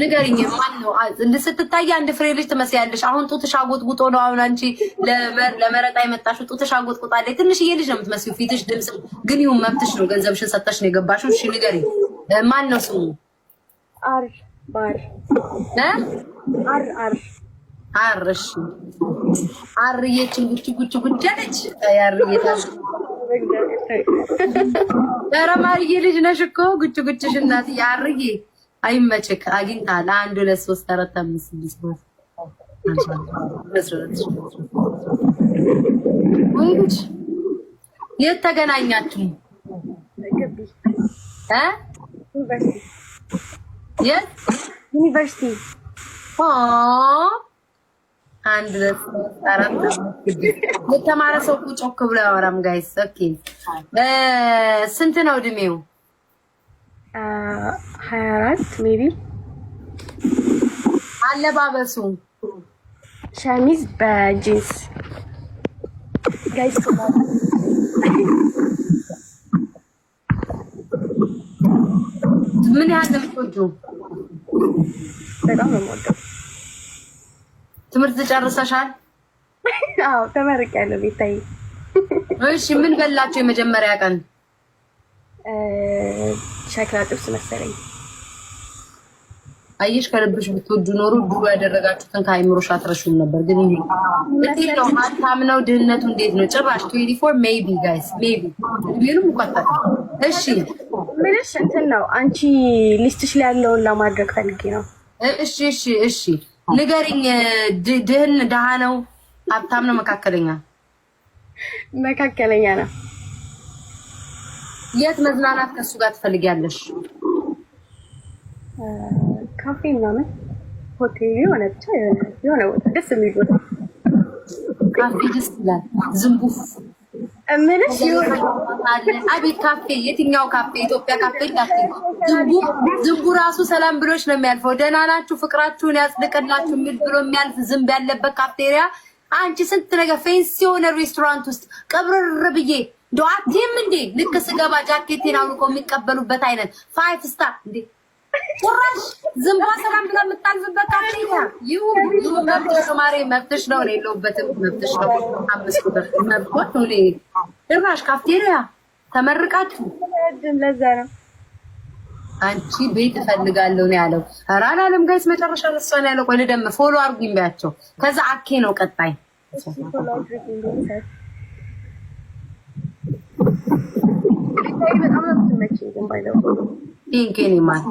ንገሪኝ፣ ማን ነው ስትታይ አንድ ፍሬ ልጅ ትመስያለሽ። አሁን ጡትሽ አጎጥጉጦ ነው። አሁን አንቺ ለመረጣ የመጣሽው ጡትሽ አጎጥጉጣለች። ትንሽዬ ልጅ ነው የምትመስዩ። ፊትሽ፣ ድምፅ ግን ይሁን መብትሽ ነው። ገንዘብሽን ሰጠሽ ነው የገባሽው። እሺ ንገሪኝ፣ ማን ነው ስሙ? አር ባር አር አር አር እሺ፣ አርዬችን ጉቺ ጉቺ ጉቺ ያርዬታ ኧረ ማርዬ ልጅ ነሽ እኮ ጉቺ ጉቺሽ እናት ያርዬ አይመችክ አግኝታ አንድ ሁለት ሶስት አራት አምስት ስድስት ወይች የት ተገናኛችሁ? ዩኒቨርሲቲ? አንድ ሁለት የተማረ ሰው ቁጭ ብሎ ያወራም። ጋይስ ኦኬ። ስንት ነው እድሜው? ሀያ አራት ሜቢ አለባበሱ ሸሚዝ በጂንስ ጋይስ ምን ያህል ለምቶቹ በጣም ነው የምወደው። ትምህርት ጨርሰሻል? አዎ ተመርቄያለሁ። ቤታዬ እሺ፣ ምን በላቸው የመጀመሪያ ቀን ሸክላ ጥብስ መሰለኝ። አየሽ፣ ከልብሽ ብትወዱ ኖሩ ድሮ ያደረጋችሁትን ከአይምሮሽ አትረሹም ነበር። ግን ይሄ እንዴት ነው ሀብታም ነው ድህነቱ እንዴት ነው? ጭራሽ 24 ሜቢ ጋይስ ሜቢ ቢ ቢሉም ኳታ እሺ፣ ምንሽ እንትን ነው አንቺ ሊስትሽ ላይ ያለውን ለማድረግ ፈልጌ ነው። እሺ፣ እሺ፣ እሺ፣ ንገሪኝ። ድህን ድሃ ነው ሀብታም ነው መካከለኛ መካከለኛ ነው የት መዝናናት ከእሱ ጋር ትፈልጊያለሽ? ካፌ ምናምን፣ ሆቴል የሆነ ብቻ የሆነ ቦታ ደስ የሚል ቦታ ካፌ ደስ ይላል። ዝንቡፍ እምልሽ ይሆነ አቤት ካፌ፣ የትኛው ካፌ? ኢትዮጵያ ካፌ እንዳት ዝንቡ ዝንቡ ራሱ ሰላም ብሎች ነው የሚያልፈው። ደህና ናችሁ፣ ፍቅራችሁን ያጽድቅላችሁ የሚል ብሎ የሚያልፍ ዝንብ ያለበት ካፍቴሪያ። አንቺ ስንት ነገር ፌንስ የሆነ ሬስቶራንት ውስጥ ቀብረር ብዬ ዶአቴም እንዴ ልክ ስገባ ጃኬቴን አውልቆ የሚቀበሉበት አይነት ፋይቭ ስታር እንዴ ቁራሽ ዝምባ ሰላም ብላ የምታልፍበት አፍሪካ ተማሪ መብትሽ ነው። የለውበትም መብትሽ ነው። አምስት ቁጥር መብቆት ሆ ድራሽ ካፍቴሪያ ተመርቃችሁ ለዛ ነው አንቺ ቤት እፈልጋለሁ ነው ያለው። ኧረ አላለም ጋይስ መጨረሻ እሷን ያለው ቆይ ልደምር ፎሎ አድርጉኝ ቢያቸው ከዛ አኬ ነው ቀጣይ በጣም ነው የምትመችኝ ግን ባይለው ይንኬን ይማል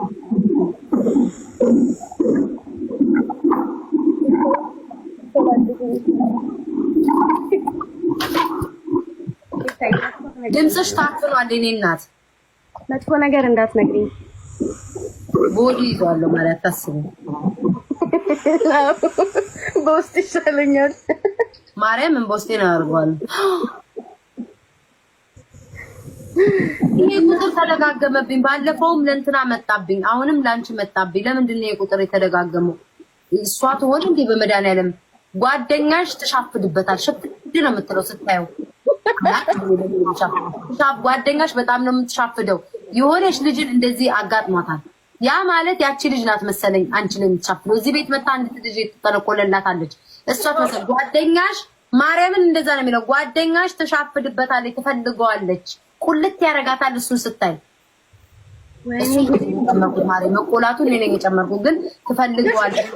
ድምፅሽ ታፍኗል። እኔ እናት መጥፎ ነገር እንዳትነግሪኝ። ቦዲ ይዟለሁ ማለት ታስቡ በውስጥ ይሻለኛል። ማርያምን በውስጤ ነው ያደርገዋል። ይሄ ቁጥር ተደጋገመብኝ። ባለፈውም ለእንትና መጣብኝ፣ አሁንም ለአንቺ መጣብኝ። ለምንድን ነው የቁጥር የተደጋገመው? እሷ ትሆን እንዲህ በመድኃኒዓለም ጓደኛሽ ትሻፍድበታል። ሽፍድ ነው የምትለው ስታየው፣ ጓደኛሽ በጣም ነው የምትሻፍደው። የሆነች ልጅን እንደዚህ አጋጥሟታል። ያ ማለት ያቺ ልጅ ናት መሰለኝ አንቺ ነው የምትሻፍደው። እዚህ ቤት መታ አንዲት ልጅ ትጠነቆለላታለች። እሷ ጓደኛሽ ማርያምን እንደዛ ነው የሚለው ጓደኛሽ ትሻፍድበታለች፣ ትፈልገዋለች ቁልት ያደርጋታል። እሱን ስታይ ጨመርኩት ማለት እኔ ነኝ የጨመርኩት፣ ግን ትፈልገዋለሽ።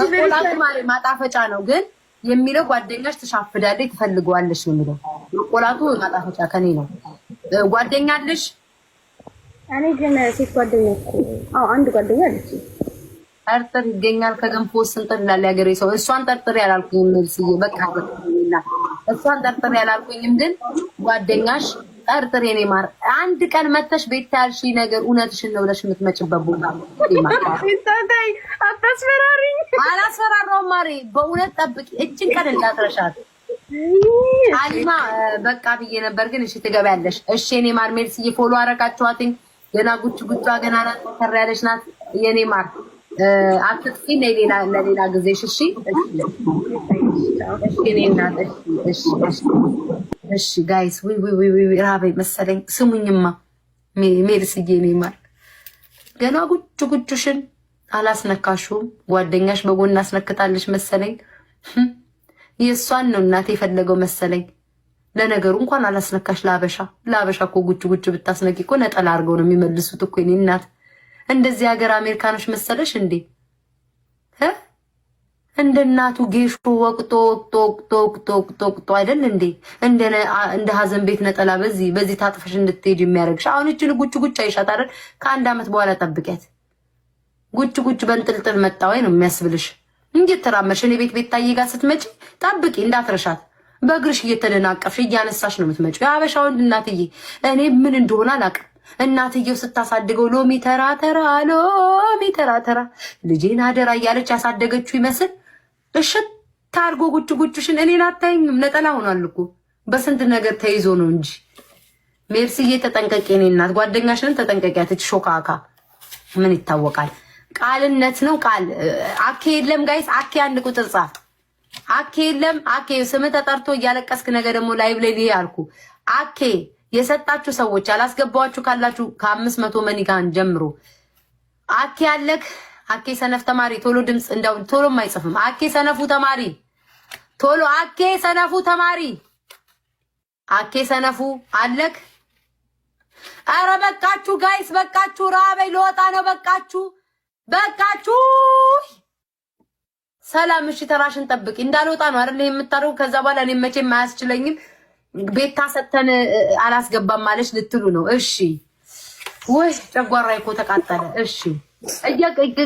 መቆላቱ ማለት ማጣፈጫ ነው፣ ግን የሚለው ጓደኛሽ ትሻፍዳለች፣ ትፈልገዋለሽ ነው የሚለው። መቆላቱ ማጣፈጫ ከኔ ነው። ጓደኛ አለሽ? እኔ ግን ሴት ጓደኛ አዎ፣ አንድ ጓደኛ አለች። ጠርጥር ይገኛል ከገንፎ ስንጥር ይላል ያገሬ ሰው። እሷን ጠርጥር ያላልኩኝም ስዬ በቃ እሷን ጠርጥር ያላልኩኝም ግን ጓደኛሽ ጠርጥር የኔ ማር አንድ ቀን መተሽ ቤት ታያልሽ ነገር እውነትሽን ነው ብለሽ የምትመጭበት ቦታ አታስፈራሪ። አላስፈራራውም ማሬ፣ በእውነት ጠብቂ። እችን ቀን እንዳትረሻት አሊማ። በቃ ብዬ ነበር ግን እሺ፣ ትገቢያለሽ። እሺ የኔ ማር ሜልስ እየፎሎ አረጋችኋትኝ። ገና ጉቹ ጉጫ ገና ናት፣ ተር ያለች ናት የኔ ማር። አትጥፊ፣ ለሌላ ጊዜ እሺ። እሺ እኔ እናት እሺ እሺ እሺ ጋይስ ወይ ወይ ወይ ወይ መሰለኝ። ስሙኝማ ሜርስዬ ነው ማር ገና ጉጭ ጉጭሽን አላስነካሹም። ጓደኛሽ በጎን አስነክታለች መሰለኝ። የእሷን ነው እናቴ የፈለገው መሰለኝ። ለነገሩ እንኳን አላስነካሽ። ላበሻ ላበሻ እኮ ጉጭ ጉጭ ብታስነቂ እኮ ነጠላ አድርገው ነው የሚመልሱት እኮ የኔ እናት። እንደዚህ ሀገር አሜሪካኖች መሰለሽ እንዴ? እንደ እናቱ ጌሾ ወቅቶ ወቅቶ ወቅቶ ወቅቶ ወቅጦ ወቅጦ አይደል እንዴ? እንደ ሀዘን ቤት ነጠላ በዚህ በዚህ ታጥፈሽ እንድትሄድ የሚያደርግሽ። አሁን እችን ጉጭ ጉጭ አይሻት አይደል? ከአንድ ዓመት በኋላ ጠብቂያት። ጉጭ ጉጭ በንጥልጥል መጣ ወይ ነው የሚያስብልሽ። እንዴት ተራመድሽ? እኔ ቤት ቤት ታዬ ጋር ስትመጪ ጠብቂ፣ እንዳትረሻት። በእግርሽ እየተደናቀፍሽ እያነሳሽ ነው የምትመጪው። የአበሻ ወንድ እናትዬ፣ እኔ ምን እንደሆነ አላውቅም። እናትየው ስታሳድገው ሎሚ ተራ ተራ ሎሚ ተራ ተራ ልጄን አደራ እያለች ያሳደገችው ይመስል እሽት አድርጎ ጉጭ ጉጭሽን እኔን አታይኝም። ነጠላ ሆኗል እኮ በስንት ነገር ተይዞ ነው እንጂ። ሜርስዬ ተጠንቀቂ፣ እኔ እናት ጓደኛሽንም ተጠንቀቂያት። ሾካካ ምን ይታወቃል? ቃልነት ነው ቃል። አኬ የለም ጋይስ፣ አኬ አንድ ቁጥር ጻፍ። አኬ የለም አኬ፣ ስም ተጠርቶ እያለቀስክ ነገ ደግሞ ላይብ ላይ አልኩ አኬ የሰጣችሁ ሰዎች ያላስገባችሁ ካላችሁ ከአምስት መቶ መኒጋን ጀምሮ አኬ አለክ። አኬ ሰነፍ ተማሪ ቶሎ ድምፅ እንዳው ቶሎም አይጽፍም። አኬ ሰነፉ ተማሪ ቶሎ አኬ ሰነፉ ተማሪ አኬ ሰነፉ አለክ። አረ በቃችሁ ጋይስ፣ በቃችሁ። ራበይ ልወጣ ነው። በቃችሁ፣ በቃችሁ። ሰላም እሺ፣ ተራሽን ጠብቂ። እንዳልወጣ ነው አይደል የምታደርጉ? ከዛ በኋላ እኔ መቼም አያስችለኝም። ቤታ ሰጥተን አላስገባም ማለች ልትሉ ነው። እሺ ወይ ጨጓራ እኮ ተቃጠለ። እሺ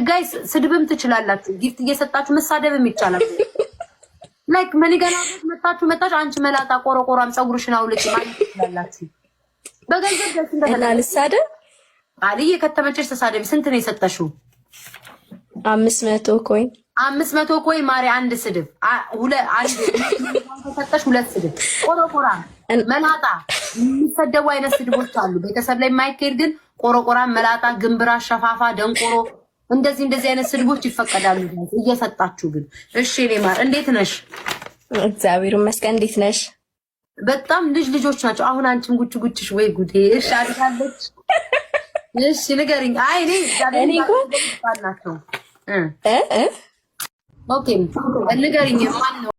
ጋይ ስድብም ትችላላችሁ፣ ጊፍት እየሰጣችሁ መሳደብም ይቻላል። ላይክ መኒገና መጣችሁ መጣችሁ አንቺ መላጣ ቆረቆራም ፀጉርሽን አውልቂ ማለት ትችላላችሁ። በገንዘብ ደስ እንደተላ ልሳደብ አልዬ ከተመቸሽ ተሳደቢ። ስንት ነው የሰጠሽው? አምስት መቶ ኮይን አምስት መቶ ኮይን ማሪ አንድ ስድብ ሰጠሽ፣ ሁለት ስድብ ቆረቆራ፣ መላጣ የሚሰደቡ አይነት ስድቦች አሉ። ቤተሰብ ላይ የማይካሄድ ግን ቆረቆራ፣ መላጣ፣ ግንብራ፣ ሸፋፋ፣ ደንቆሮ እንደዚህ እንደዚህ አይነት ስድቦች ይፈቀዳሉ። እየሰጣችሁ ግን እሺ። እኔ ማር እንዴት ነሽ? እግዚአብሔር ይመስገን። እንዴት ነሽ? በጣም ልጅ ልጆች ናቸው። አሁን አንቺም ጉጭ ጉጭሽ ወይ ጉዴ! እሺ፣ አድጋለች። እሺ፣ ንገሪኝ። አይ እኔ እኔ እኮ ናቸው። ኦኬ፣ ንገሪኝ ማን ነው